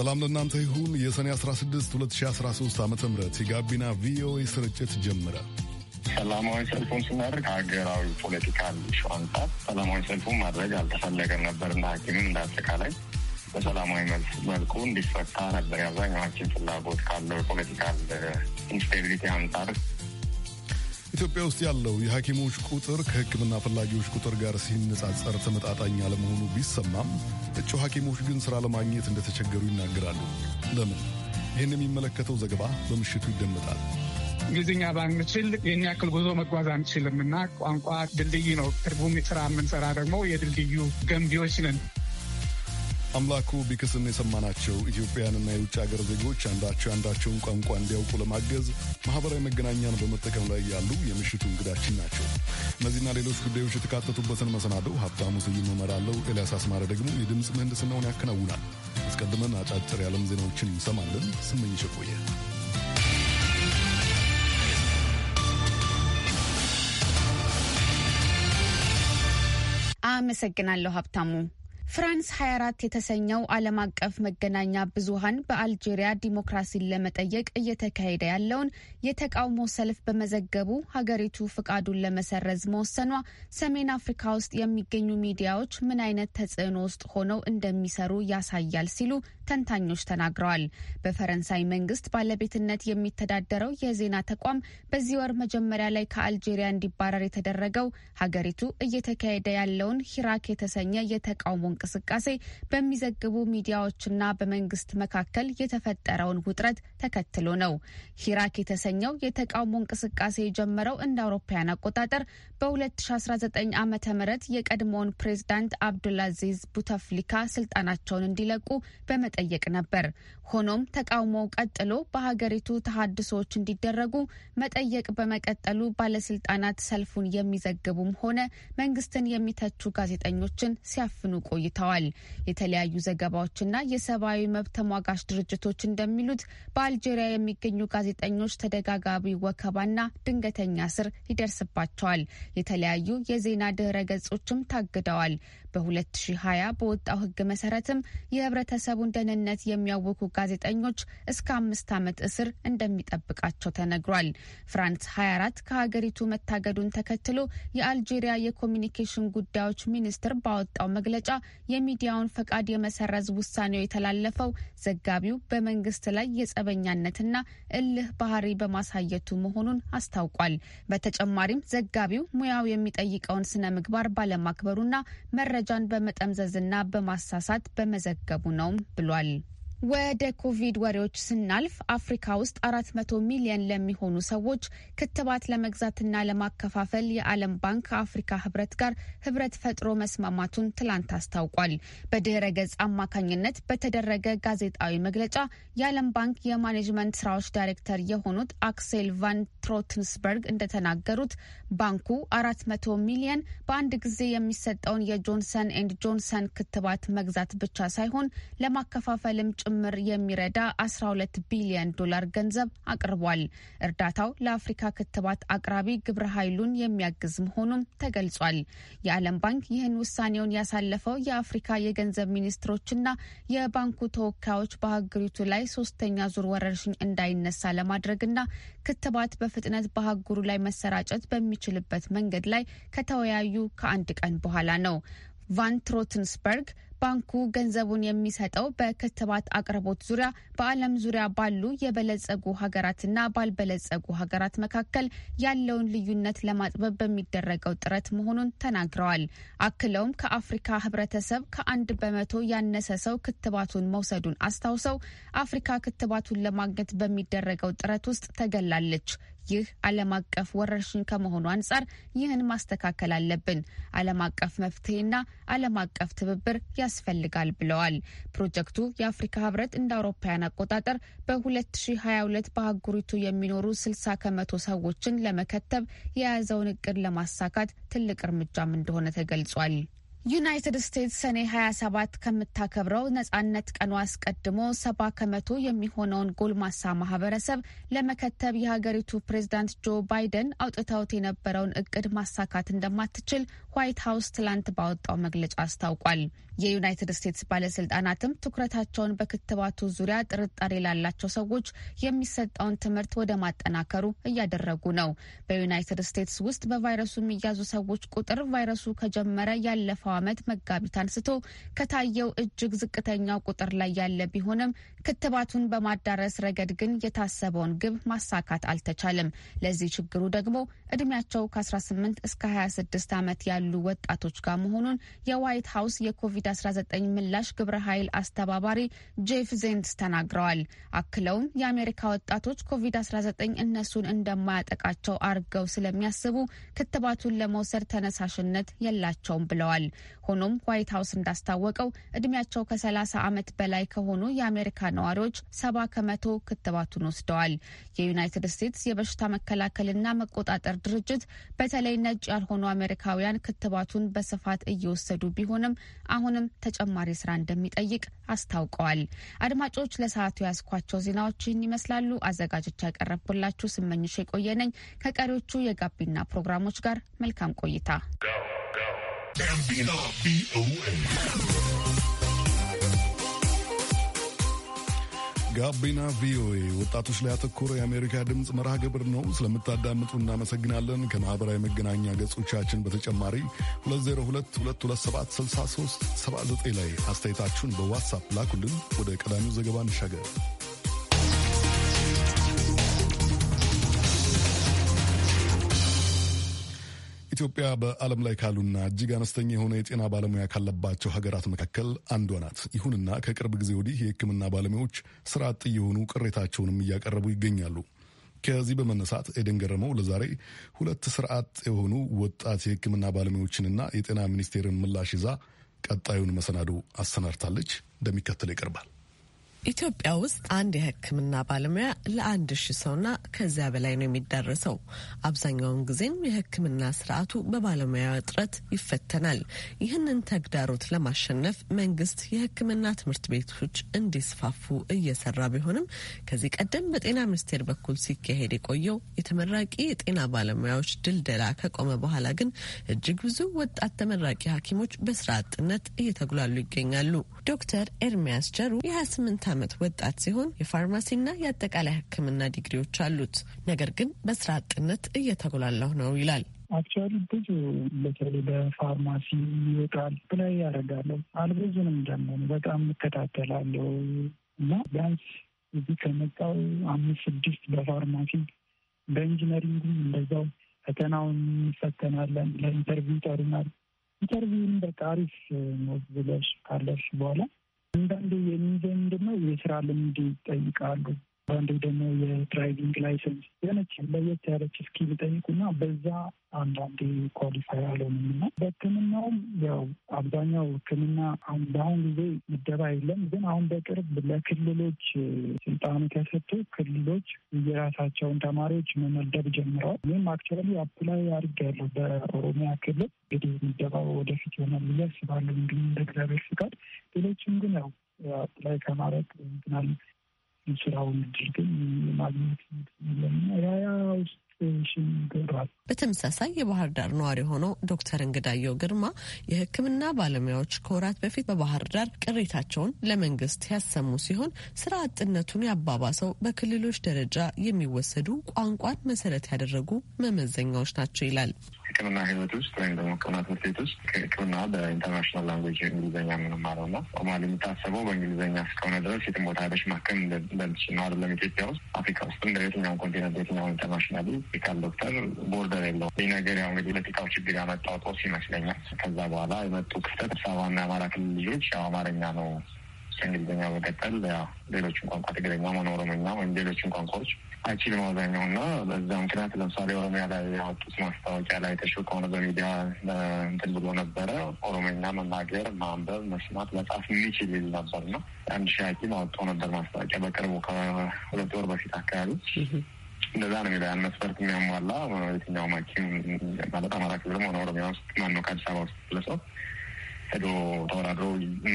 ሰላም ለእናንተ ይሁን። የሰኔ 16 2013 ዓ ም የጋቢና ቪኦኤ ስርጭት ጀምረ። ሰላማዊ ሰልፉን ስናደርግ ሀገራዊ ፖለቲካል ኢሹ አንጻር ሰላማዊ ሰልፉን ማድረግ አልተፈለገም ነበር። እንደ ሐኪምም እንደ አጠቃላይ በሰላማዊ መልኩ እንዲፈታ ነበር የአብዛኛዋችን ፍላጎት ካለው የፖለቲካል ኢንስቴቢሊቲ uh, አንጻር ኢትዮጵያ ውስጥ ያለው የሐኪሞች ቁጥር ከሕክምና ፈላጊዎች ቁጥር ጋር ሲነጻጸር ተመጣጣኝ አለመሆኑ ቢሰማም እጩ ሐኪሞች ግን ሥራ ለማግኘት እንደተቸገሩ ይናገራሉ። ለምን? ይህን የሚመለከተው ዘገባ በምሽቱ ይደመጣል። እንግሊዝኛ ባንችል ይህን ያክል ጉዞ መጓዝ አንችልም እና ቋንቋ ድልድይ ነው። ትርጉም ስራ የምንሰራ ደግሞ የድልድዩ ገንቢዎች ነን። አምላኩ ቢክስን የሰማናቸው ኢትዮጵያውያንና የውጭ ሀገር ዜጎች አንዳቸው አንዳቸውን ቋንቋ እንዲያውቁ ለማገዝ ማህበራዊ መገናኛን በመጠቀም ላይ ያሉ የምሽቱ እንግዳችን ናቸው። እነዚህና ሌሎች ጉዳዮች የተካተቱበትን መሰናደው ሀብታሙ ስዩም እመራለሁ። ኤልያስ አስማረ ደግሞ የድምፅ ምህንድስናውን ያከናውናል። አስቀድመን አጫጭር የዓለም ዜናዎችን እንሰማለን። ስመኝሽ ቆየ። አመሰግናለሁ ሀብታሙ። ፍራንስ 24 የተሰኘው ዓለም አቀፍ መገናኛ ብዙሃን በአልጄሪያ ዲሞክራሲን ለመጠየቅ እየተካሄደ ያለውን የተቃውሞ ሰልፍ በመዘገቡ ሀገሪቱ ፍቃዱን ለመሰረዝ መወሰኗ ሰሜን አፍሪካ ውስጥ የሚገኙ ሚዲያዎች ምን አይነት ተጽዕኖ ውስጥ ሆነው እንደሚሰሩ ያሳያል ሲሉ ተንታኞች ተናግረዋል። በፈረንሳይ መንግስት ባለቤትነት የሚተዳደረው የዜና ተቋም በዚህ ወር መጀመሪያ ላይ ከአልጄሪያ እንዲባረር የተደረገው ሀገሪቱ እየተካሄደ ያለውን ሂራክ የተሰኘ የተቃውሞ እንቅስቃሴ በሚዘግቡ ሚዲያዎችና በመንግስት መካከል የተፈጠረውን ውጥረት ተከትሎ ነው። ሂራክ የተሰኘው የተቃውሞ እንቅስቃሴ የጀመረው እንደ አውሮፓውያን አቆጣጠር በ2019 ዓ ም የቀድሞውን ፕሬዚዳንት አብዱላዚዝ ቡተፍሊካ ስልጣናቸውን እንዲለቁ በመጠ ይጠየቅ ነበር። ሆኖም ተቃውሞው ቀጥሎ በሀገሪቱ ተሀድሶዎች እንዲደረጉ መጠየቅ በመቀጠሉ ባለስልጣናት ሰልፉን የሚዘግቡም ሆነ መንግስትን የሚተቹ ጋዜጠኞችን ሲያፍኑ ቆይተዋል። የተለያዩ ዘገባዎችና የሰብአዊ መብት ተሟጋች ድርጅቶች እንደሚሉት በአልጄሪያ የሚገኙ ጋዜጠኞች ተደጋጋሚ ወከባና ድንገተኛ ስር ይደርስባቸዋል። የተለያዩ የዜና ድህረ ገጾችም ታግደዋል። በ2020 በወጣው ሕግ መሰረትም የህብረተሰቡን ደህንነት የሚያውኩ ጋዜጠኞች እስከ አምስት ዓመት እስር እንደሚጠብቃቸው ተነግሯል። ፍራንስ 24 ከሀገሪቱ መታገዱን ተከትሎ የአልጄሪያ የኮሚኒኬሽን ጉዳዮች ሚኒስትር ባወጣው መግለጫ የሚዲያውን ፈቃድ የመሰረዝ ውሳኔው የተላለፈው ዘጋቢው በመንግስት ላይ የጸበኛነትና እልህ ባህሪ በማሳየቱ መሆኑን አስታውቋል። በተጨማሪም ዘጋቢው ሙያው የሚጠይቀውን ስነ ምግባር ባለማክበሩና መረ መረጃን በመጠምዘዝና በማሳሳት በመዘገቡ ነው ብሏል። ወደ ኮቪድ ወሬዎች ስናልፍ አፍሪካ ውስጥ አራት መቶ ሚሊየን ለሚሆኑ ሰዎች ክትባት ለመግዛትና ለማከፋፈል የዓለም ባንክ ከአፍሪካ ህብረት ጋር ህብረት ፈጥሮ መስማማቱን ትላንት አስታውቋል። በድህረ ገጽ አማካኝነት በተደረገ ጋዜጣዊ መግለጫ የዓለም ባንክ የማኔጅመንት ስራዎች ዳይሬክተር የሆኑት አክሴል ቫን ትሮትንስበርግ እንደተናገሩት ባንኩ አራት መቶ ሚሊየን በአንድ ጊዜ የሚሰጠውን የጆንሰን ኤንድ ጆንሰን ክትባት መግዛት ብቻ ሳይሆን ለማከፋፈልም ጭምር የሚረዳ 12 ቢሊዮን ዶላር ገንዘብ አቅርቧል። እርዳታው ለአፍሪካ ክትባት አቅራቢ ግብረ ኃይሉን የሚያግዝ መሆኑም ተገልጿል። የዓለም ባንክ ይህን ውሳኔውን ያሳለፈው የአፍሪካ የገንዘብ ሚኒስትሮችና የባንኩ ተወካዮች በሀገሪቱ ላይ ሶስተኛ ዙር ወረርሽኝ እንዳይነሳ ለማድረግና ክትባት በፍጥነት በሀገሩ ላይ መሰራጨት በሚችልበት መንገድ ላይ ከተወያዩ ከአንድ ቀን በኋላ ነው። ቫን ትሮትንስበርግ ባንኩ ገንዘቡን የሚሰጠው በክትባት አቅርቦት ዙሪያ በዓለም ዙሪያ ባሉ የበለጸጉ ሀገራትና ባልበለጸጉ ሀገራት መካከል ያለውን ልዩነት ለማጥበብ በሚደረገው ጥረት መሆኑን ተናግረዋል። አክለውም ከአፍሪካ ህብረተሰብ ከአንድ በመቶ ያነሰ ሰው ክትባቱን መውሰዱን አስታውሰው አፍሪካ ክትባቱን ለማግኘት በሚደረገው ጥረት ውስጥ ተገላለች። ይህ ዓለም አቀፍ ወረርሽኝ ከመሆኑ አንጻር ይህን ማስተካከል አለብን። ዓለም አቀፍ መፍትሄና ዓለም አቀፍ ትብብር ያስፈልጋል ብለዋል። ፕሮጀክቱ የአፍሪካ ህብረት እንደ አውሮፓውያን አቆጣጠር በ2022 በአህጉሪቱ የሚኖሩ 60 ከመቶ ሰዎችን ለመከተብ የያዘውን እቅድ ለማሳካት ትልቅ እርምጃም እንደሆነ ተገልጿል። ዩናይትድ ስቴትስ ሰኔ 27 ከምታከብረው ነጻነት ቀኑ አስቀድሞ ሰባ ከመቶ የሚሆነውን ጎልማሳ ማህበረሰብ ለመከተብ የሀገሪቱ ፕሬዝዳንት ጆ ባይደን አውጥተውት የነበረውን እቅድ ማሳካት እንደማትችል ዋይት ሀውስ ትላንት ባወጣው መግለጫ አስታውቋል። የዩናይትድ ስቴትስ ባለስልጣናትም ትኩረታቸውን በክትባቱ ዙሪያ ጥርጣሬ ላላቸው ሰዎች የሚሰጠውን ትምህርት ወደ ማጠናከሩ እያደረጉ ነው። በዩናይትድ ስቴትስ ውስጥ በቫይረሱ የሚያዙ ሰዎች ቁጥር ቫይረሱ ከጀመረ ያለፈው ዓመት መጋቢት አንስቶ ከታየው እጅግ ዝቅተኛው ቁጥር ላይ ያለ ቢሆንም ክትባቱን በማዳረስ ረገድ ግን የታሰበውን ግብ ማሳካት አልተቻለም። ለዚህ ችግሩ ደግሞ እድሜያቸው ከ18 እስከ 26 ዓመት ያ ያሉ ወጣቶች ጋር መሆኑን የዋይት ሀውስ የኮቪድ-19 ምላሽ ግብረ ኃይል አስተባባሪ ጄፍ ዜንትስ ተናግረዋል። አክለውም የአሜሪካ ወጣቶች ኮቪድ-19 እነሱን እንደማያጠቃቸው አርገው ስለሚያስቡ ክትባቱን ለመውሰድ ተነሳሽነት የላቸውም ብለዋል። ሆኖም ዋይት ሀውስ እንዳስታወቀው እድሜያቸው ከ30 ዓመት በላይ ከሆኑ የአሜሪካ ነዋሪዎች ሰባ ከመቶ ክትባቱን ወስደዋል። የዩናይትድ ስቴትስ የበሽታ መከላከልና መቆጣጠር ድርጅት በተለይ ነጭ ያልሆኑ አሜሪካውያን ክትባቱን በስፋት እየወሰዱ ቢሆንም አሁንም ተጨማሪ ስራ እንደሚጠይቅ አስታውቀዋል። አድማጮች ለሰዓቱ ያስኳቸው ዜናዎች ይህን ይመስላሉ። አዘጋጆች ያቀረብኩላችሁ ስመኝሽ የቆየነኝ ከቀሪዎቹ የጋቢና ፕሮግራሞች ጋር መልካም ቆይታ። ጋቢና ቪኦኤ ወጣቶች ላይ ያተኮረ የአሜሪካ ድምፅ መርሃ ግብር ነው። ስለምታዳምጡ እናመሰግናለን። ከማኅበራዊ መገናኛ ገጾቻችን በተጨማሪ 2022276379 ላይ አስተያየታችሁን በዋትሳፕ ላኩልን። ወደ ቀዳሚው ዘገባ እንሻገር። ኢትዮጵያ በዓለም ላይ ካሉና እጅግ አነስተኛ የሆነ የጤና ባለሙያ ካለባቸው ሀገራት መካከል አንዷ ናት። ይሁንና ከቅርብ ጊዜ ወዲህ የሕክምና ባለሙያዎች ስራ አጥ የሆኑ ቅሬታቸውንም እያቀረቡ ይገኛሉ። ከዚህ በመነሳት ኤደን ገረመው ለዛሬ ሁለት ስራ አጥ የሆኑ ወጣት የሕክምና ባለሙያዎችንና የጤና ሚኒስቴርን ምላሽ ይዛ ቀጣዩን መሰናዶ አሰናድታለች። እንደሚከተለው ይቀርባል። ኢትዮጵያ ውስጥ አንድ የሕክምና ባለሙያ ለአንድ ሺ ሰውና ከዚያ በላይ ነው የሚዳረሰው። አብዛኛውን ጊዜም የሕክምና ስርዓቱ በባለሙያ እጥረት ይፈተናል። ይህንን ተግዳሮት ለማሸነፍ መንግስት የሕክምና ትምህርት ቤቶች እንዲስፋፉ እየሰራ ቢሆንም ከዚህ ቀደም በጤና ሚኒስቴር በኩል ሲካሄድ የቆየው የተመራቂ የጤና ባለሙያዎች ድልደላ ከቆመ በኋላ ግን እጅግ ብዙ ወጣት ተመራቂ ሐኪሞች በስራ አጥነት እየተጉላሉ ይገኛሉ። ዶክተር ኤርሚያስ ጀሩ የ28 ዓመት ወጣት ሲሆን የፋርማሲና የአጠቃላይ ሕክምና ዲግሪዎች አሉት። ነገር ግን በስራ አጥነት እየተጎላላሁ ነው ይላል። አክቹዋሊ ብዙ በተለይ በፋርማሲ ይወጣል ብላይ ያደርጋለሁ። አልብዙንም ደግሞ በጣም እከታተላለሁ እና ቢያንስ እዚህ ከመጣው አምስት ስድስት በፋርማሲ በኢንጂነሪንግም እንደዛው ፈተናውን እንፈተናለን። ለኢንተርቪው ይጠሩናል። ኢንተርቪውን በቃ አሪፍ ነው ብለሽ ካለሽ በኋላ አንዳንዴ የሚይዘኝ ምንድን የስራ ልምድ ይጠይቃሉ። አንዱ ደግሞ የድራይቪንግ ላይሰንስ የሆነች ለየት ያለች እስኪ ቢጠይቁና በዛ አንዳንዴ ኳሊፋይ አልሆንም እና በህክምናውም ያው አብዛኛው ሕክምና በአሁን ጊዜ ምደባ የለም፣ ግን አሁን በቅርብ ለክልሎች ስልጣኑ ተሰጥቶ ክልሎች የራሳቸውን ተማሪዎች መመደብ ጀምረዋል። ይህም አክቸራሊ አፕላይ አድርጌያለሁ በኦሮሚያ ክልል። እንግዲህ ምደባው ወደፊት ይሆናል ብዬ አስባለሁ እንግዲህ እንደ እግዚአብሔር ፍቃድ። ሌሎችም ግን ያው አፕላይ ከማድረግ ምናምን ስራውን እድል ግን ማግኘት ያ ውስጥ በተመሳሳይ የባህር ዳር ነዋሪ የሆነው ዶክተር እንግዳየው ግርማ የሕክምና ባለሙያዎች ከወራት በፊት በባህር ዳር ቅሬታቸውን ለመንግስት ያሰሙ ሲሆን ስራ አጥነቱን ያባባሰው በክልሎች ደረጃ የሚወሰዱ ቋንቋን መሰረት ያደረጉ መመዘኛዎች ናቸው ይላል። ሕክምና ህይወት ውስጥ ወይም ደግሞ ህክምና ትምህርት ቤት ውስጥ ሕክምና በኢንተርናሽናል ላንጉዌጅ እንግሊዝኛ የምንማረው እና ሶማሌ የሚታሰበው በእንግሊዝኛ እስከሆነ ድረስ የትም ቦታ ሄደሽ ማከም እንደምትችል ነው አይደለም። ኢትዮጵያ ውስጥ አፍሪካ ውስጥ እንደ የትኛውን ኮንቲነንት የትኛውን ኢንተርናሽናል ሜዲካል ዶክተር ቦርደር የለውም። ይህ ነገር ያው እንግዲህ ፖለቲካው ችግር ያመጣው ጦስ ይመስለኛል። ከዛ በኋላ የመጡ ክፍተት ሰባና አማራ ክልል ልጆች ያው አማርኛ ነው ከእንግሊዝኛ በቀጠል ሌሎችን ቋንቋ ትግረኛ፣ ኦሮምኛ ወይም ሌሎችን ቋንቋዎች አይችልም አብዛኛው እና በዛ ምክንያት ለምሳሌ ኦሮሚያ ላይ ያወጡት ማስታወቂያ ላይ ተሽው ከሆነ በሚዲያ እንትን ብሎ ነበረ። ኦሮመኛ መናገር፣ ማንበብ፣ መስማት፣ መጻፍ የሚችል ይል ነበር ነው። አንድ ሺህ ሐኪም አወጣው ነበር ማስታወቂያ በቅርቡ ከሁለት ወር በፊት አካባቢ እንደዛ ነው የሚለው ያን መስፈርት የሚያሟላ የትኛውም ሐኪም ማለት አማራ ክልልም ሆነ ኦሮሚያ ውስጥ ማነው ከአዲስ አበባ ውስጥ ለሰው ሄዶ ተወዳድሮ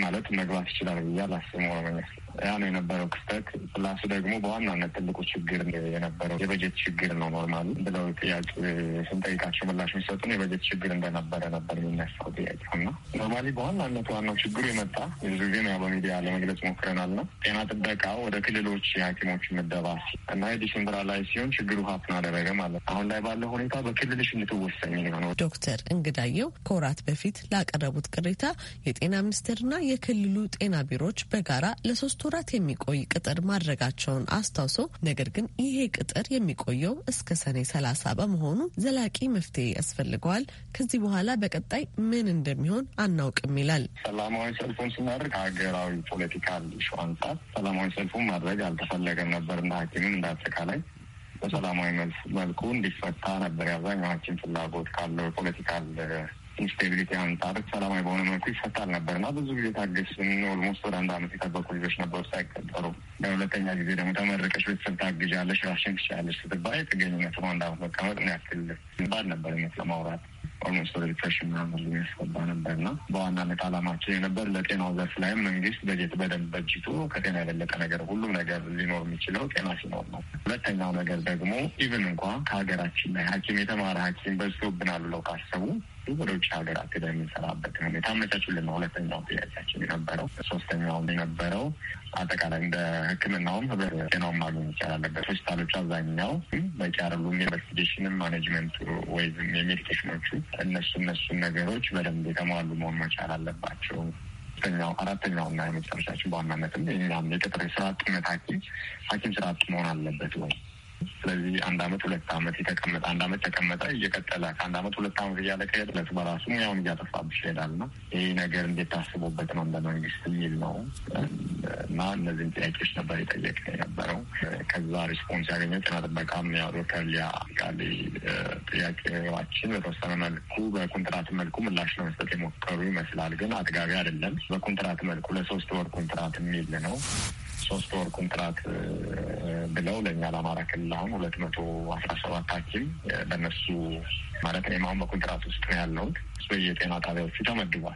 ማለት መግባት ይችላል ብዬ አላስብም። ኦሮምኛ ያ ነው የነበረው ክስተት። ፕላስ ደግሞ በዋናነት ትልቁ ችግር የነበረው የበጀት ችግር ነው። ኖርማል ብለው ጥያቄ ስንጠይቃቸው ምላሽ የሚሰጡን የበጀት ችግር እንደነበረ ነበር የሚነሳው ጥያቄ እና ኖርማሊ በዋናነት ዋናው ችግሩ የመጣ ብዙ ጊዜ ያው በሚዲያ ለመግለጽ ሞክረናል ነው ጤና ጥበቃ ወደ ክልሎች የሐኪሞች ምደባ እና የዲሴምበር ላይ ሲሆን ችግሩ ሀብት አደረገ ማለት አሁን ላይ ባለው ሁኔታ በክልልሽ ልትወሰኝ ነው። ዶክተር እንግዳየው ከወራት በፊት ላቀረቡት ቅሬታ የጤና ሚኒስቴርና የክልሉ ጤና ቢሮዎች በጋራ ለሶስት ወራት የሚቆይ ቅጥር ማድረጋቸውን አስታውሶ ነገር ግን ይሄ ቅጥር የሚቆየው እስከ ሰኔ ሰላሳ በመሆኑ ዘላቂ መፍትሄ ያስፈልገዋል። ከዚህ በኋላ በቀጣይ ምን እንደሚሆን አናውቅም ይላል። ሰላማዊ ሰልፉን ስናደርግ ሀገራዊ ፖለቲካል ሹ አንጻር ሰላማዊ ሰልፉን ማድረግ አልተፈለገም ነበር እና ሐኪምን እንዳጠቃላይ በሰላማዊ መልኩ እንዲፈታ ነበር የአብዛኛው ሐኪም ፍላጎት ካለው የፖለቲካል ኢንስቴቢሊቲ አንጻር ሰላማዊ በሆነ መልኩ ይፈታል ነበር እና ብዙ ጊዜ ታገስን። ኦልሞስት ወደ አንድ አመት የጠበቁ ልጆች ነበሩ ሳይቀጠሩ። ለሁለተኛ ጊዜ ደግሞ ተመረቀች፣ ቤተሰብ ታግዣለሽ፣ ራሽን ትችያለሽ ስትባይ ጥገኝነት ነው። አንድ አመት መቀመጥ ነው ያክል ባል ነበር ነት ለማውራት ኦልሞስት ወደ ዲፕሬሽን ምናምን የሚያስገባ ነበር እና በዋናነት አላማችን የነበር ለጤናው ዘርፍ ላይም መንግስት በጀት በደንብ በጅቱ ከጤና የበለጠ ነገር ሁሉም ነገር ሊኖር የሚችለው ጤና ሲኖር ነው። ሁለተኛው ነገር ደግሞ ኢቭን እንኳ ከሀገራችን ላይ ሐኪም የተማረ ሐኪም በዝቶብናል ብለው ካሰቡ ስናስብ ወደ ውጭ ሀገር አትዳ የምንሰራበት ሁኔታ አመቻቹልን ነው። ሁለተኛው ጥያቄያችን የነበረው ሶስተኛው የነበረው አጠቃላይ እንደ ሕክምናውም ህብር ጤናውን ማግኘት ይቻላለበት ሆስፒታሎች አብዛኛው በቂ አረሉ ኢንቨስቲጌሽንም ማኔጅመንቱ ወይም የሜዲኬሽኖቹ እነሱ እነሱን ነገሮች በደንብ የተሟሉ መሆን መቻል አለባቸው። ሶስተኛው እና የመጨረሻችን በዋናነትም የቅጥር የስራ አጥነት ሐኪም ሐኪም ስራ አጥ መሆን አለበት ወይ ስለዚህ አንድ አመት ሁለት አመት የተቀመጠ አንድ አመት ተቀመጠ እየቀጠለ ከአንድ አመት ሁለት አመት እያለቀ ከሄድ ለሱ በራሱ ሙያውን እያጠፋብሽ ይሄዳል ነው። ይህ ነገር እንዴት ታስቦበት ነው እንደ መንግስት የሚል ነው እና እነዚህን ጥያቄዎች ነበር የጠየቅ የነበረው። ከዛ ሪስፖንስ ያገኘ ጤና ጥበቃም ያው ዶክተር ቃሌ ጥያቄዎችን በተወሰነ መልኩ በኮንትራት መልኩ ምላሽ ለመስጠት የሞከሩ ይመስላል። ግን አጥጋቢ አይደለም። በኮንትራት መልኩ ለሶስት ወር ኮንትራት የሚል ነው ሶስት ወር ኮንትራት ብለው ለእኛ ለአማራ ክልል አሁን ሁለት መቶ አስራ ሰባት ሐኪም በእነሱ ማለት እኔም አሁን በኮንትራት ውስጥ ነው ያለሁት። እሱ የጤና ጣቢያዎቹ ተመድቧል።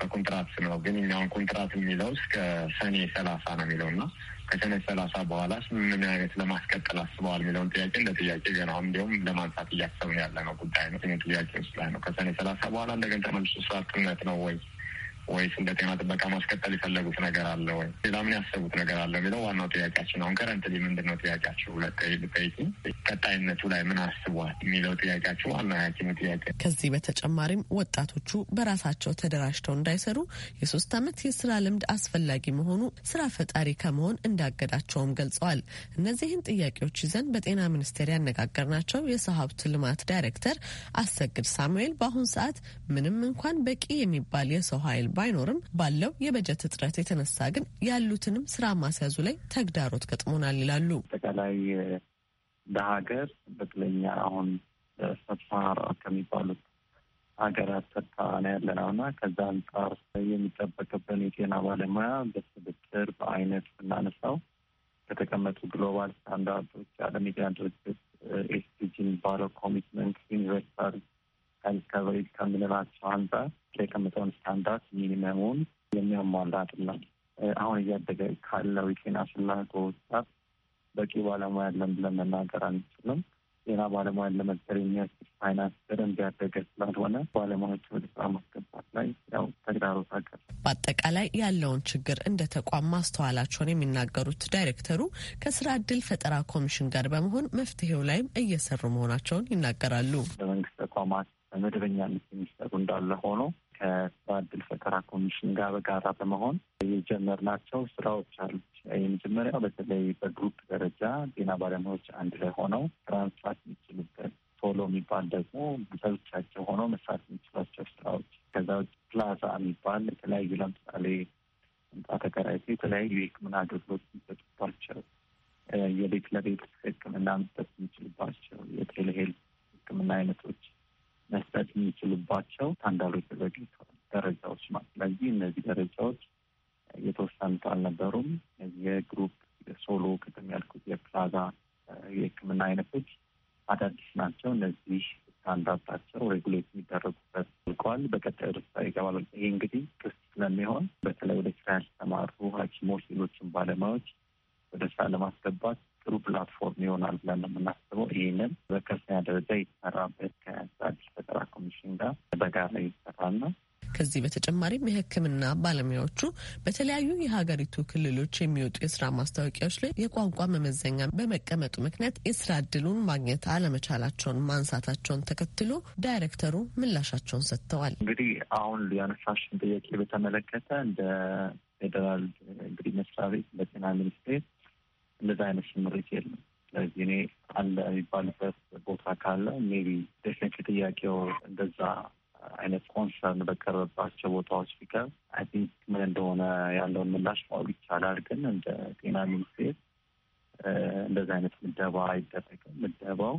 በኮንትራት ነው ግን እኛውን ኮንትራት የሚለው እስከ ሰኔ ሰላሳ ነው የሚለው እና ከሰኔ ሰላሳ በኋላ ምን አይነት ለማስቀጠል አስበዋል የሚለውን ጥያቄ እንደ ጥያቄ ገና አሁን እንዲሁም ለማንሳት እያሰብን ያለ ነው ጉዳይ ነው። ጥያቄ ውስጥ ላይ ነው። ከሰኔ ሰላሳ በኋላ እንደገን ተመልሶ ስራ አጥነት ነው ወይ ወይስ እንደ ጤና ጥበቃ ማስቀጠል የፈለጉት ነገር አለ ወይ? ሌላ ምን ያሰቡት ነገር አለ የሚለው ዋናው ጥያቄያችን። አሁን ከረንትሊ ምንድን ነው ጥያቄያችሁ? ሁለት ልጠይቂ ቀጣይነቱ ላይ ምን አስቧል የሚለው ጥያቄያችሁ ዋና ሐኪሙ ጥያቄ። ከዚህ በተጨማሪም ወጣቶቹ በራሳቸው ተደራጅተው እንዳይሰሩ የሶስት አመት የስራ ልምድ አስፈላጊ መሆኑ ስራ ፈጣሪ ከመሆን እንዳገዳቸውም ገልጸዋል። እነዚህን ጥያቄዎች ይዘን በጤና ሚኒስቴር ያነጋገርናቸው የሰው ሀብት ልማት ዳይሬክተር አሰግድ ሳሙኤል በአሁኑ ሰዓት ምንም እንኳን በቂ የሚባል የሰው ኃይል ባይኖርም ባለው የበጀት እጥረት የተነሳ ግን ያሉትንም ስራ ማስያዙ ላይ ተግዳሮት ገጥሞናል ይላሉ። አጠቃላይ በሀገር በተለይ አሁን ሰብሳሃራ ከሚባሉት ሀገራት ያለ ነው እና ከዛ አንጻር የሚጠበቅብን የጤና ባለሙያ በስብጥር በአይነት ስናነሳው ከተቀመጡ ግሎባል ስታንዳርዶች የዓለም የጤና ድርጅት ኤስዲጂ የሚባለው ኮሚትመንት ዩኒቨርሳል ሄልዝ ከቨሬጅ ከምንላቸው አንጻር የተቀመጠውን ስታንዳርድ ሚኒመሙን የሚያሟላ አይደለም። አሁን እያደገ ካለው የጤና ፍላጎት ጋር በቂ ባለሙያ ያለን ብለን መናገር አንችልም። ጤና ባለሙያን ለመቅጠር የሚያስችል ፋይናንስ በደንብ ያደገ ስላልሆነ ባለሙያዎች ወደ ስራ ማስገባት ላይ ያው ተግዳሮት አገር በአጠቃላይ ያለውን ችግር እንደ ተቋም ማስተዋላቸውን የሚናገሩት ዳይሬክተሩ ከስራ እድል ፈጠራ ኮሚሽን ጋር በመሆን መፍትሄው ላይም እየሰሩ መሆናቸውን ይናገራሉ። በመንግስት ተቋማት በመደበኛነት የሚሰሩ እንዳለ ሆኖ ከስራ ፈጠራ ኮሚሽን ጋር በጋራ በመሆን የጀመርናቸው ስራዎች አሉ። የመጀመሪያው በተለይ በግሩፕ ደረጃ ጤና ባለሙያዎች አንድ ላይ ሆነው ስራ መስራት የሚችሉበት ቶሎ የሚባል ደግሞ በብቻቸው ሆነው መስራት የሚችሏቸው ስራዎች ከዛ ውጭ ፕላዛ የሚባል የተለያዩ ለምሳሌ ህንጻ ተከራይቶ የተለያዩ የህክምና አገልግሎት የሚሰጡባቸው የቤት ለቤት ህክምና መስጠት የሚችሉባቸው የቴሌሄል ህክምና አይነቶች መስጠት የሚችሉባቸው ስታንዳርዶች ተዘጋጅተዋል፣ ደረጃዎች ማለት ስለዚህ እነዚህ ደረጃዎች የተወሰኑት አልነበሩም። በዚህም የሕክምና ባለሙያዎቹ በተለያዩ የሀገሪቱ ክልሎች የሚወጡ የስራ ማስታወቂያዎች ላይ የቋንቋ መመዘኛ በመቀመጡ ምክንያት የስራ እድሉን ማግኘት አለመቻላቸውን ማንሳታቸውን ተከትሎ ዳይሬክተሩ ምላሻቸውን ሰጥተዋል። እንግዲህ አሁን ያነሳሽን ጥያቄ በተመለከተ እንደ ፌዴራል እንግዲህ መስሪያ ቤት እንደ ጤና ሚኒስቴር እንደዛ አይነት ስምሪት የለም። ስለዚህ እኔ አለ የሚባልበት ቦታ ካለ ሜቢ ደፍነት ጥያቄው እንደዛ አይነት ኮንሰርን በቀረበባቸው ቦታዎች ቢቀር አይ ቲንክ ምን እንደሆነ ያለውን ምላሽ ማወቅ ይቻላል። ግን እንደ ጤና ሚኒስቴር እንደዚህ አይነት ምደባ አይደረግም። ምደባው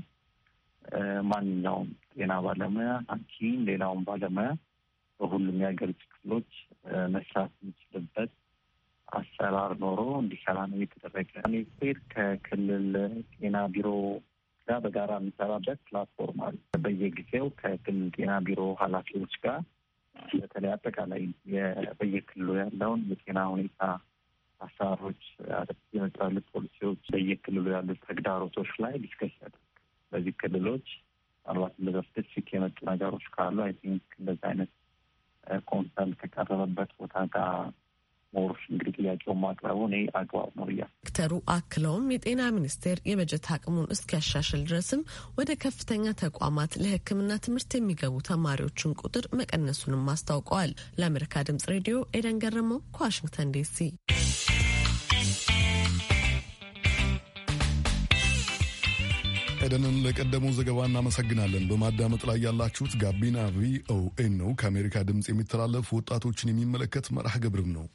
ማንኛውም ጤና ባለሙያ፣ ሐኪም፣ ሌላውን ባለሙያ በሁሉም የሀገሪቱ ክፍሎች መስራት የሚችልበት አሰራር ኖሮ እንዲሰራ ነው የተደረገ። ሚኒስቴር ከክልል ጤና ቢሮ ጋር በጋራ የሚሰራበት ፕላትፎርም አለ። በየጊዜው ከክልል ጤና ቢሮ ኃላፊዎች ጋር በተለይ አጠቃላይ በየክልሉ ያለውን የጤና ሁኔታ አሰራሮች፣ የመጡ ፖሊሲዎች፣ በየክልሉ ያሉት ተግዳሮቶች ላይ ዲስከስ ያደርግ በዚህ ክልሎች ምናልባት እንደዛ ስፔሲፊክ የመጡ ነገሮች ካሉ አይ ቲንክ እንደዚ አይነት ኮንሰርን ከቀረበበት ቦታ ጋር ሞር እንግዲህ ጥያቄውን ማቅረቡ እኔ አግባብ ነው እያ ዶክተሩ አክለውም የጤና ሚኒስቴር የበጀት አቅሙን እስኪያሻሽል ድረስም ወደ ከፍተኛ ተቋማት ለሕክምና ትምህርት የሚገቡ ተማሪዎችን ቁጥር መቀነሱንም አስታውቀዋል። ለአሜሪካ ድምጽ ሬዲዮ ኤደን ገረመው ከዋሽንግተን ዲሲ ኤደንን ለቀደመው ዘገባ እናመሰግናለን። በማዳመጥ ላይ ያላችሁት ጋቢና ቪኦኤ ነው። ከአሜሪካ ድምፅ የሚተላለፍ ወጣቶችን የሚመለከት መርሃ ግብርም ነው።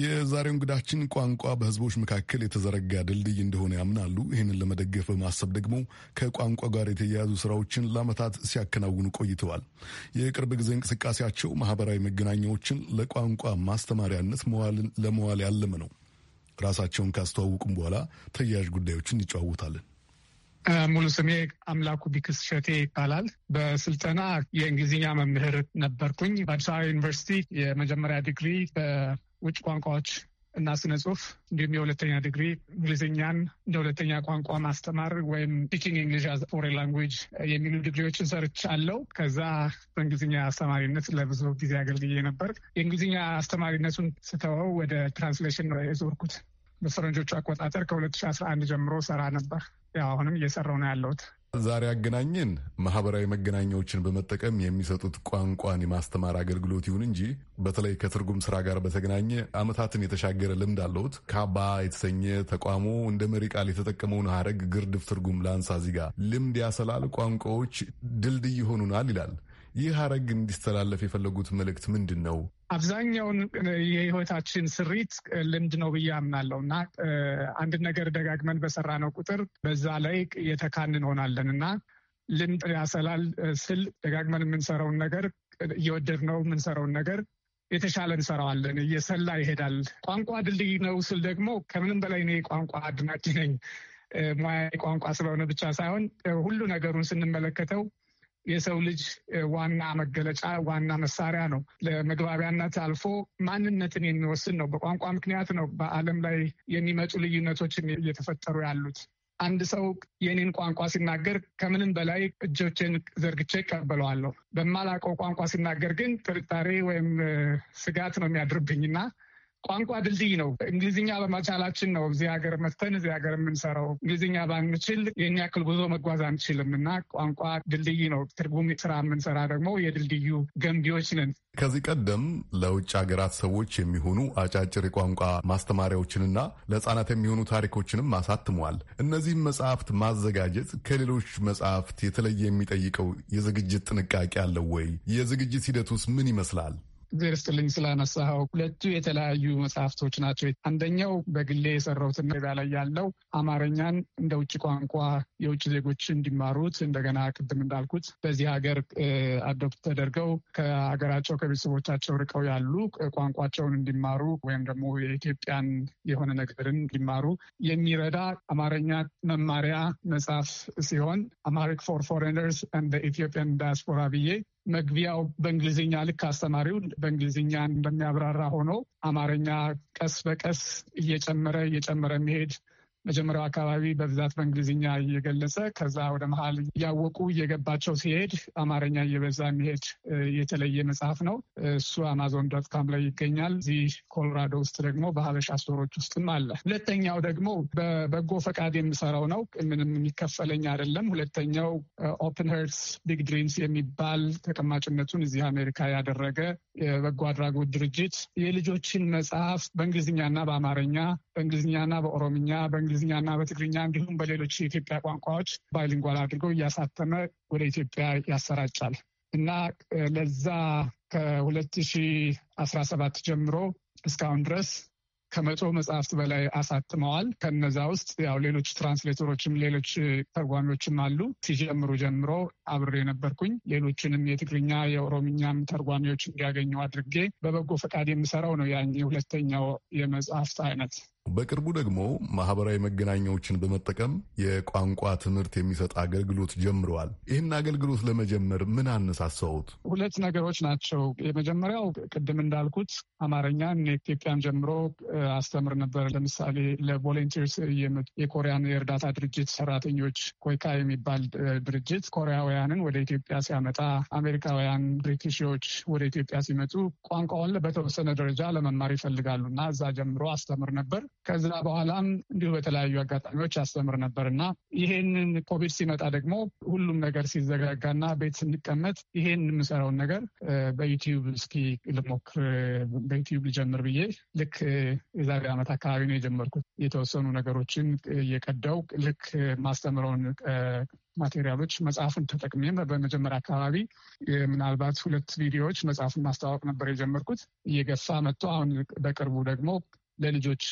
የዛሬው እንግዳችን ቋንቋ በህዝቦች መካከል የተዘረጋ ድልድይ እንደሆነ ያምናሉ። ይህንን ለመደገፍ በማሰብ ደግሞ ከቋንቋ ጋር የተያያዙ ስራዎችን ለመታት ሲያከናውኑ ቆይተዋል። የቅርብ ጊዜ እንቅስቃሴያቸው ማህበራዊ መገናኛዎችን ለቋንቋ ማስተማሪያነት ለመዋል ያለመ ነው። ራሳቸውን ካስተዋውቁም በኋላ ተያያዥ ጉዳዮችን ይጨዋወታለን። ሙሉ ስሜ አምላኩ ቢክስ ሸቴ ይባላል። በስልጠና የእንግሊዝኛ መምህር ነበርኩኝ። በአዲስ አበባ ዩኒቨርሲቲ የመጀመሪያ ዲግሪ በውጭ ቋንቋዎች እና ስነ ጽሁፍ እንዲሁም የሁለተኛ ዲግሪ እንግሊዝኛን እንደ ሁለተኛ ቋንቋ ማስተማር ወይም ስፒኪንግ እንግሊሽ አዝ ፎሬን ላንጉጅ የሚሉ ዲግሪዎችን አለው። ከዛ በእንግሊዝኛ አስተማሪነት ለብዙ ጊዜ አገልግዬ ነበር። የእንግሊዝኛ አስተማሪነቱን ስተወው ወደ ትራንስሌሽን የዞርኩት በፈረንጆቹ አቆጣጠር ከ2011 ጀምሮ ሰራ ነበር። ያው አሁንም እየሰራው ነው ያለሁት። ዛሬ አገናኘን ማህበራዊ መገናኛዎችን በመጠቀም የሚሰጡት ቋንቋን የማስተማር አገልግሎት ይሁን እንጂ በተለይ ከትርጉም ስራ ጋር በተገናኘ ዓመታትን የተሻገረ ልምድ አለሁት። ካባ የተሰኘ ተቋሙ እንደ መሪ ቃል የተጠቀመውን ሀረግ ግርድፍ ትርጉም ላንሳ ዚጋ ልምድ ያሰላል፣ ቋንቋዎች ድልድይ ይሆኑናል ይላል። ይህ ሀረግ እንዲስተላለፍ የፈለጉት መልእክት ምንድን ነው? አብዛኛውን የህይወታችን ስሪት ልምድ ነው ብዬ አምናለው እና አንድ ነገር ደጋግመን በሰራ ነው ቁጥር በዛ ላይ የተካን እንሆናለን እና ልምድ ያሰላል ስል ደጋግመን የምንሰራውን ነገር እየወደድ ነው የምንሰራውን ነገር የተሻለ እንሰራዋለን፣ እየሰላ ይሄዳል። ቋንቋ ድልድይ ነው ስል ደግሞ ከምንም በላይ እኔ ቋንቋ አድናቂ ነኝ። ሙያ ቋንቋ ስለሆነ ብቻ ሳይሆን ሁሉ ነገሩን ስንመለከተው የሰው ልጅ ዋና መገለጫ ዋና መሳሪያ ነው። ለመግባቢያነት አልፎ ማንነትን የሚወስን ነው። በቋንቋ ምክንያት ነው በዓለም ላይ የሚመጡ ልዩነቶችን እየተፈጠሩ ያሉት። አንድ ሰው የኔን ቋንቋ ሲናገር ከምንም በላይ እጆችን ዘርግቼ ይቀበለዋለሁ። በማላውቀው ቋንቋ ሲናገር ግን ጥርጣሬ ወይም ስጋት ነው የሚያድርብኝና ቋንቋ ድልድይ ነው። እንግሊዝኛ በመቻላችን ነው እዚህ ሀገር መጥተን እዚህ ሀገር የምንሰራው። እንግሊዝኛ ባንችል የእኛ ያክል ጉዞ መጓዝ አንችልም እና ቋንቋ ድልድይ ነው። ትርጉም ስራ የምንሰራ ደግሞ የድልድዩ ገንቢዎች ነን። ከዚህ ቀደም ለውጭ ሀገራት ሰዎች የሚሆኑ አጫጭር የቋንቋ ማስተማሪያዎችንና ለህፃናት የሚሆኑ ታሪኮችንም አሳትመዋል። እነዚህም መጽሐፍት ማዘጋጀት ከሌሎች መጽሐፍት የተለየ የሚጠይቀው የዝግጅት ጥንቃቄ አለው ወይ? የዝግጅት ሂደት ውስጥ ምን ይመስላል? እግዜር ስላነሳው ስላነሳኸው። ሁለቱ የተለያዩ መጽሐፍቶች ናቸው። አንደኛው በግሌ የሰራሁትን ገበያ ላይ ያለው አማርኛን እንደ ውጭ ቋንቋ የውጭ ዜጎች እንዲማሩት እንደገና ቅድም እንዳልኩት በዚህ ሀገር አዶፕት ተደርገው ከሀገራቸው ከቤተሰቦቻቸው ርቀው ያሉ ቋንቋቸውን እንዲማሩ ወይም ደግሞ የኢትዮጵያን የሆነ ነገርን እንዲማሩ የሚረዳ አማርኛ መማሪያ መጽሐፍ ሲሆን አማሪክ ፎር ፎሬነርስ ኢትዮጵያን ዳያስፖራ ብዬ መግቢያው በእንግሊዝኛ ልክ አስተማሪው በእንግሊዝኛ እንደሚያብራራ ሆኖ አማርኛ ቀስ በቀስ እየጨመረ እየጨመረ መሄድ መጀመሪያው አካባቢ በብዛት በእንግሊዝኛ እየገለጸ ከዛ ወደ መሀል እያወቁ እየገባቸው ሲሄድ አማርኛ እየበዛ የሚሄድ የተለየ መጽሐፍ ነው። እሱ አማዞን ዶት ካም ላይ ይገኛል። እዚህ ኮሎራዶ ውስጥ ደግሞ በሀበሻ ስቶሮች ውስጥም አለ። ሁለተኛው ደግሞ በበጎ ፈቃድ የምሰራው ነው። ምንም የሚከፈለኝ አይደለም። ሁለተኛው ኦፕን ሄርትስ ቢግ ድሪምስ የሚባል ተቀማጭነቱን እዚህ አሜሪካ ያደረገ የበጎ አድራጎት ድርጅት የልጆችን መጽሐፍ በእንግሊዝኛና በአማርኛ በእንግሊዝኛና በኦሮምኛ በእንግሊዝኛና በትግርኛ እንዲሁም በሌሎች የኢትዮጵያ ቋንቋዎች ባይሊንጓል አድርጎ እያሳተመ ወደ ኢትዮጵያ ያሰራጫል እና ለዛ ከ2017 ጀምሮ እስካሁን ድረስ ከመቶ መጽሐፍት በላይ አሳትመዋል። ከነዛ ውስጥ ያው ሌሎች ትራንስሌተሮችም ሌሎች ተርጓሚዎችም አሉ። ሲጀምሩ ጀምሮ አብሬ የነበርኩኝ ሌሎችንም የትግርኛ የኦሮምኛም ተርጓሚዎች እንዲያገኙ አድርጌ በበጎ ፈቃድ የምሰራው ነው ያ ሁለተኛው የመጽሐፍት አይነት በቅርቡ ደግሞ ማህበራዊ መገናኛዎችን በመጠቀም የቋንቋ ትምህርት የሚሰጥ አገልግሎት ጀምረዋል። ይህን አገልግሎት ለመጀመር ምን አነሳሰውት? ሁለት ነገሮች ናቸው። የመጀመሪያው ቅድም እንዳልኩት አማርኛን ኢትዮጵያን ጀምሮ አስተምር ነበር። ለምሳሌ ለቮለንቲርስ የኮሪያን የእርዳታ ድርጅት ሰራተኞች ኮይካ የሚባል ድርጅት ኮሪያውያንን ወደ ኢትዮጵያ ሲያመጣ፣ አሜሪካውያን ብሪቲሽዎች ወደ ኢትዮጵያ ሲመጡ ቋንቋውን በተወሰነ ደረጃ ለመማር ይፈልጋሉ እና እዛ ጀምሮ አስተምር ነበር ከዛ በኋላም እንዲሁ በተለያዩ አጋጣሚዎች ያስተምር ነበር እና ይሄንን ኮቪድ ሲመጣ ደግሞ ሁሉም ነገር ሲዘጋጋና ቤት ስንቀመጥ ይሄን የምሰራውን ነገር በዩቲዩብ እስኪ ልሞክር በዩቲዩብ ልጀምር ብዬ ልክ የዛሬ ዓመት አካባቢ ነው የጀመርኩት። የተወሰኑ ነገሮችን እየቀደው ልክ ማስተምረውን ማቴሪያሎች መጽሐፍን ተጠቅሜም በመጀመሪያ አካባቢ ምናልባት ሁለት ቪዲዮዎች መጽሐፍን ማስተዋወቅ ነበር የጀመርኩት። እየገፋ መጥቶ አሁን በቅርቡ ደግሞ ለልጆች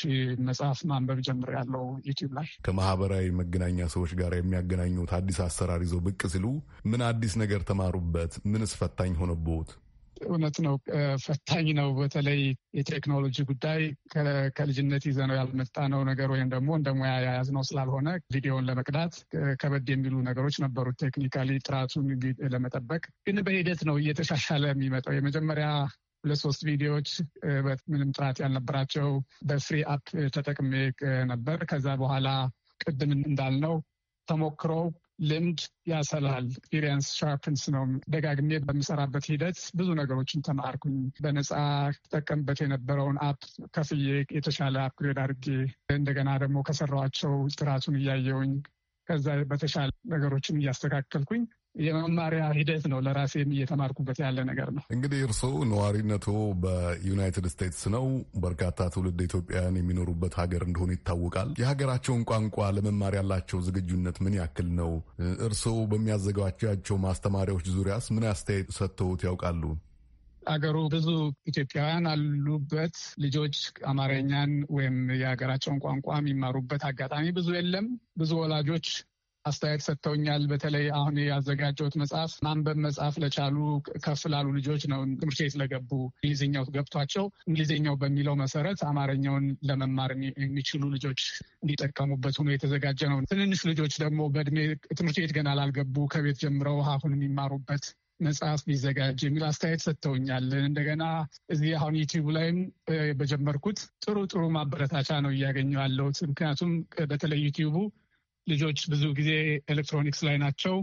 መጽሐፍ ማንበብ ያለው ዩቲዩብ ላይ። ከማህበራዊ መገናኛ ሰዎች ጋር የሚያገናኙት አዲስ አሰራር ይዘው ብቅ ሲሉ ምን አዲስ ነገር ተማሩበት? ምንስ ፈታኝ ሆነቦት? እውነት ነው፣ ፈታኝ ነው። በተለይ የቴክኖሎጂ ጉዳይ ከልጅነት ይዘነው ያልመጣነው ነገር ወይም ደግሞ እንደ ሙያ የያዝነው ስላልሆነ ቪዲዮን ለመቅዳት ከበድ የሚሉ ነገሮች ነበሩት። ቴክኒካሊ ጥራቱን ለመጠበቅ ግን በሂደት ነው እየተሻሻለ የሚመጣው። የመጀመሪያ ሁለት ሶስት ቪዲዮዎች ምንም ጥራት ያልነበራቸው በፍሪ አፕ ተጠቅሜ ነበር። ከዛ በኋላ ቅድም እንዳልነው ተሞክሮ ልምድ ያሰላል፣ ኤክስፒሪየንስ ሻርፕንስ ነው። ደጋግሜ በምሰራበት ሂደት ብዙ ነገሮችን ተማርኩኝ። በነፃ ተጠቀምበት የነበረውን አፕ ከፍዬ የተሻለ አፕግሬድ አድርጌ እንደገና ደግሞ ከሰራኋቸው ጥራቱን እያየውኝ ከዛ በተሻለ ነገሮችን እያስተካከልኩኝ የመማሪያ ሂደት ነው። ለራሴም እየተማርኩበት ያለ ነገር ነው። እንግዲህ እርስዎ ነዋሪነቶ በዩናይትድ ስቴትስ ነው። በርካታ ትውልድ ኢትዮጵያውያን የሚኖሩበት ሀገር እንደሆነ ይታወቃል። የሀገራቸውን ቋንቋ ለመማር ያላቸው ዝግጁነት ምን ያክል ነው? እርስዎ በሚያዘጋጃቸው ማስተማሪያዎች ዙሪያስ ምን አስተያየት ሰጥተውት ያውቃሉ? አገሩ ብዙ ኢትዮጵያውያን አሉበት። ልጆች አማርኛን ወይም የሀገራቸውን ቋንቋ የሚማሩበት አጋጣሚ ብዙ የለም። ብዙ ወላጆች አስተያየት ሰጥተውኛል። በተለይ አሁን ያዘጋጀሁት መጽሐፍ ማንበብ መጽሐፍ ለቻሉ ከፍ ላሉ ልጆች ነው። ትምህርት ቤት ለገቡ እንግሊዝኛው ገብቷቸው እንግሊዝኛው በሚለው መሰረት አማርኛውን ለመማር የሚችሉ ልጆች እንዲጠቀሙበት ሆኖ የተዘጋጀ ነው። ትንንሽ ልጆች ደግሞ በእድሜ ትምህርት ቤት ገና ላልገቡ ከቤት ጀምረው አሁን የሚማሩበት መጽሐፍ ቢዘጋጅ የሚል አስተያየት ሰጥተውኛል። እንደገና እዚህ አሁን ዩቲዩብ ላይም በጀመርኩት ጥሩ ጥሩ ማበረታቻ ነው እያገኘ ያለሁት። ምክንያቱም በተለይ ዩቲዩቡ ልጆች ብዙ ጊዜ ኤሌክትሮኒክስ ላይ ናቸው፣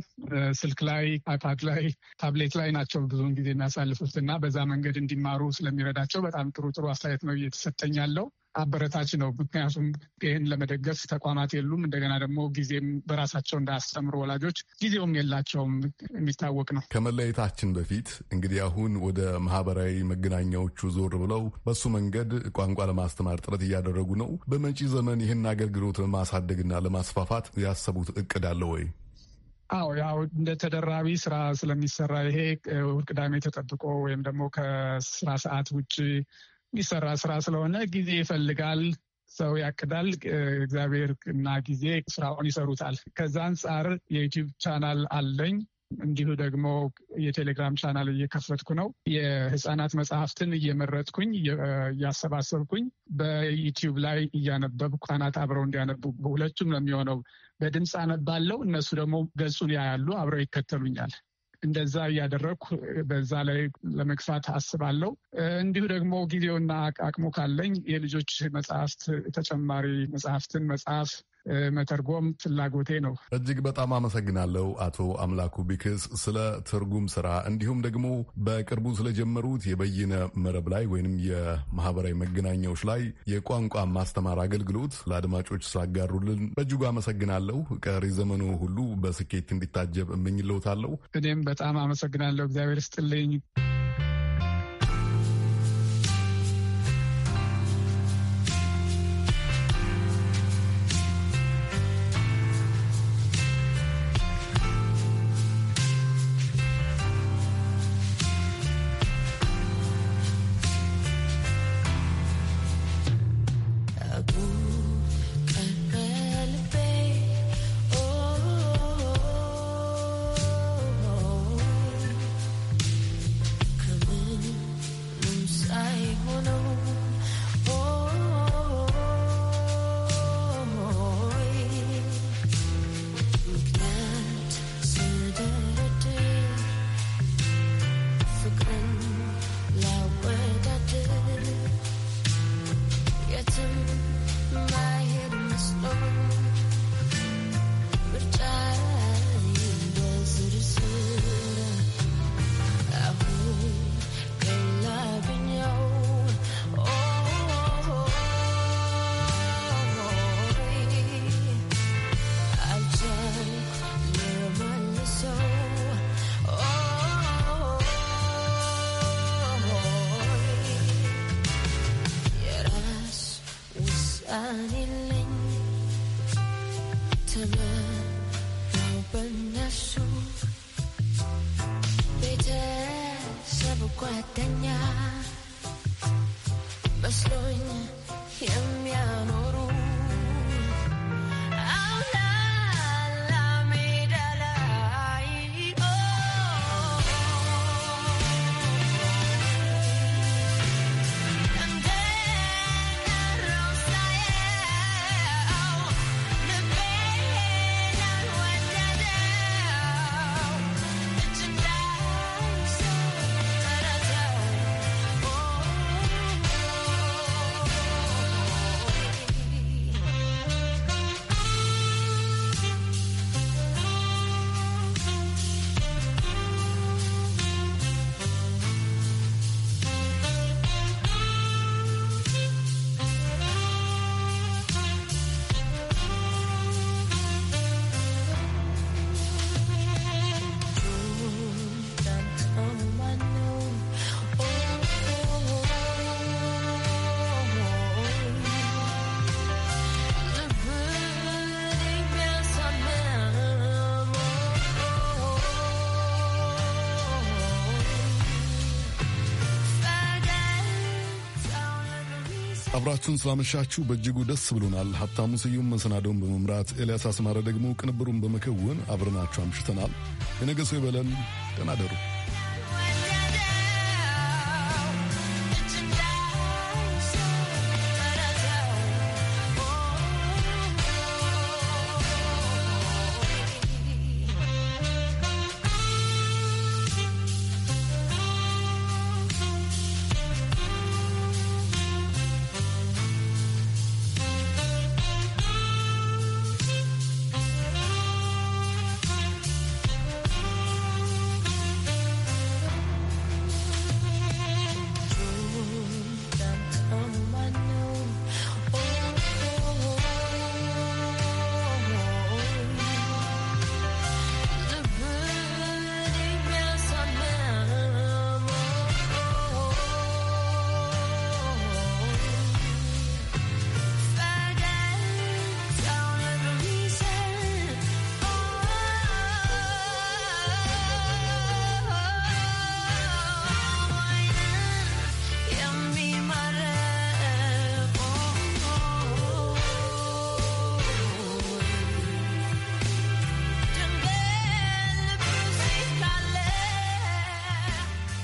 ስልክ ላይ፣ አይፓድ ላይ፣ ታብሌት ላይ ናቸው ብዙውን ጊዜ የሚያሳልፉት እና በዛ መንገድ እንዲማሩ ስለሚረዳቸው በጣም ጥሩ ጥሩ አስተያየት ነው እየተሰጠኝ ያለው። አበረታች ነው። ምክንያቱም ይህን ለመደገፍ ተቋማት የሉም። እንደገና ደግሞ ጊዜም በራሳቸው እንዳያስተምሩ ወላጆች ጊዜውም የላቸውም። የሚታወቅ ነው። ከመለየታችን በፊት እንግዲህ አሁን ወደ ማህበራዊ መገናኛዎቹ ዞር ብለው በሱ መንገድ ቋንቋ ለማስተማር ጥረት እያደረጉ ነው። በመጪ ዘመን ይህን አገልግሎት ለማሳደግና ለማስፋፋት ያሰቡት እቅድ አለ ወይ? አዎ ያው እንደ ተደራቢ ስራ ስለሚሰራ ይሄ እሑድ ቅዳሜ ተጠብቆ ወይም ደግሞ ከስራ ሰዓት ውጭ የሚሰራ ስራ ስለሆነ ጊዜ ይፈልጋል። ሰው ያቅዳል። እግዚአብሔር እና ጊዜ ስራውን ይሰሩታል። ከዛ አንጻር የዩቲዩብ ቻናል አለኝ። እንዲሁ ደግሞ የቴሌግራም ቻናል እየከፈትኩ ነው። የህፃናት መጽሐፍትን እየመረጥኩኝ እያሰባሰብኩኝ በዩቲዩብ ላይ እያነበብኩ ህፃናት አብረው እንዲያነቡ በሁለቱም ነው የሚሆነው። በድምፅ አነባለው፣ እነሱ ደግሞ ገጹን ያያሉ፣ አብረው ይከተሉኛል። እንደዛ እያደረግኩ በዛ ላይ ለመግፋት አስባለሁ። እንዲሁ ደግሞ ጊዜውና አቅሙ ካለኝ የልጆች መጽሐፍት ተጨማሪ መጽሐፍትን መጽሐፍ መተርጎም ፍላጎቴ ነው። እጅግ በጣም አመሰግናለሁ አቶ አምላኩ ቢክስ ስለ ትርጉም ስራ እንዲሁም ደግሞ በቅርቡ ስለጀመሩት የበይነ መረብ ላይ ወይም የማህበራዊ መገናኛዎች ላይ የቋንቋ ማስተማር አገልግሎት ለአድማጮች ስላጋሩልን በእጅጉ አመሰግናለሁ። ቀሪ ዘመኑ ሁሉ በስኬት እንዲታጀብ እመኝልዎታለሁ። እኔም በጣም አመሰግናለሁ። እግዚአብሔር ስጥልኝ። ጓደኛ መስሎኝ የሚያኖ አብራችሁን ስላመሻችሁ በእጅጉ ደስ ብሎናል። ሀብታሙ ስዩም መሰናደውን በመምራት ኤልያስ አስማረ ደግሞ ቅንብሩን በመከወን አብረናችሁ አምሽተናል። የነገ ሰው ይበለን። ደህና